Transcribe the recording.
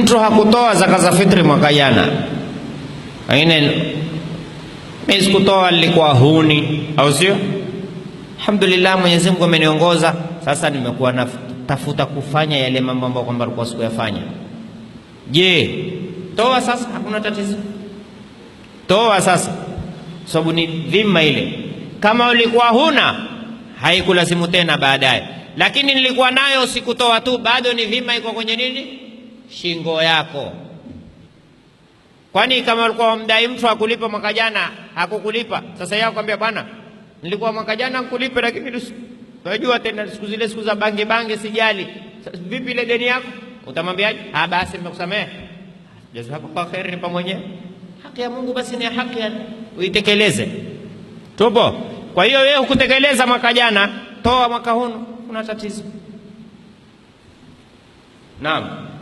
Mtu hakutoa zaka za fitri mwaka jana, wengine mimi sikutoa, nilikuwa huni, au sio? Alhamdulillah, Mwenyezi Mungu ameniongoza sasa, nimekuwa natafuta kufanya yale mambo ambayo kwamba alikuwa sikuyafanya. Je, toa sasa, hakuna tatizo, toa sasa, sababu ni dhima ile. Kama ulikuwa huna, haikulazimu tena baadaye, lakini nilikuwa nayo sikutoa tu, bado ni dhima iko kwenye nini shingo yako. Kwani kama ulikuwa mdai mtu akulipa mwaka jana hakukulipa, sasa yeye akwambia bwana, nilikuwa mwaka jana nikulipe, lakini unajua tena siku zile siku za bangi bangi, sijali vipi ile deni yako, utamwambiaje? Ah, basi nimekusamehe, kwa khair, pa mwenyewe haki ya Mungu basi ni haki ya uitekeleze. Tupo. Kwa hiyo wewe hukutekeleza mwaka jana, toa mwaka huu, kuna tatizo. Naam.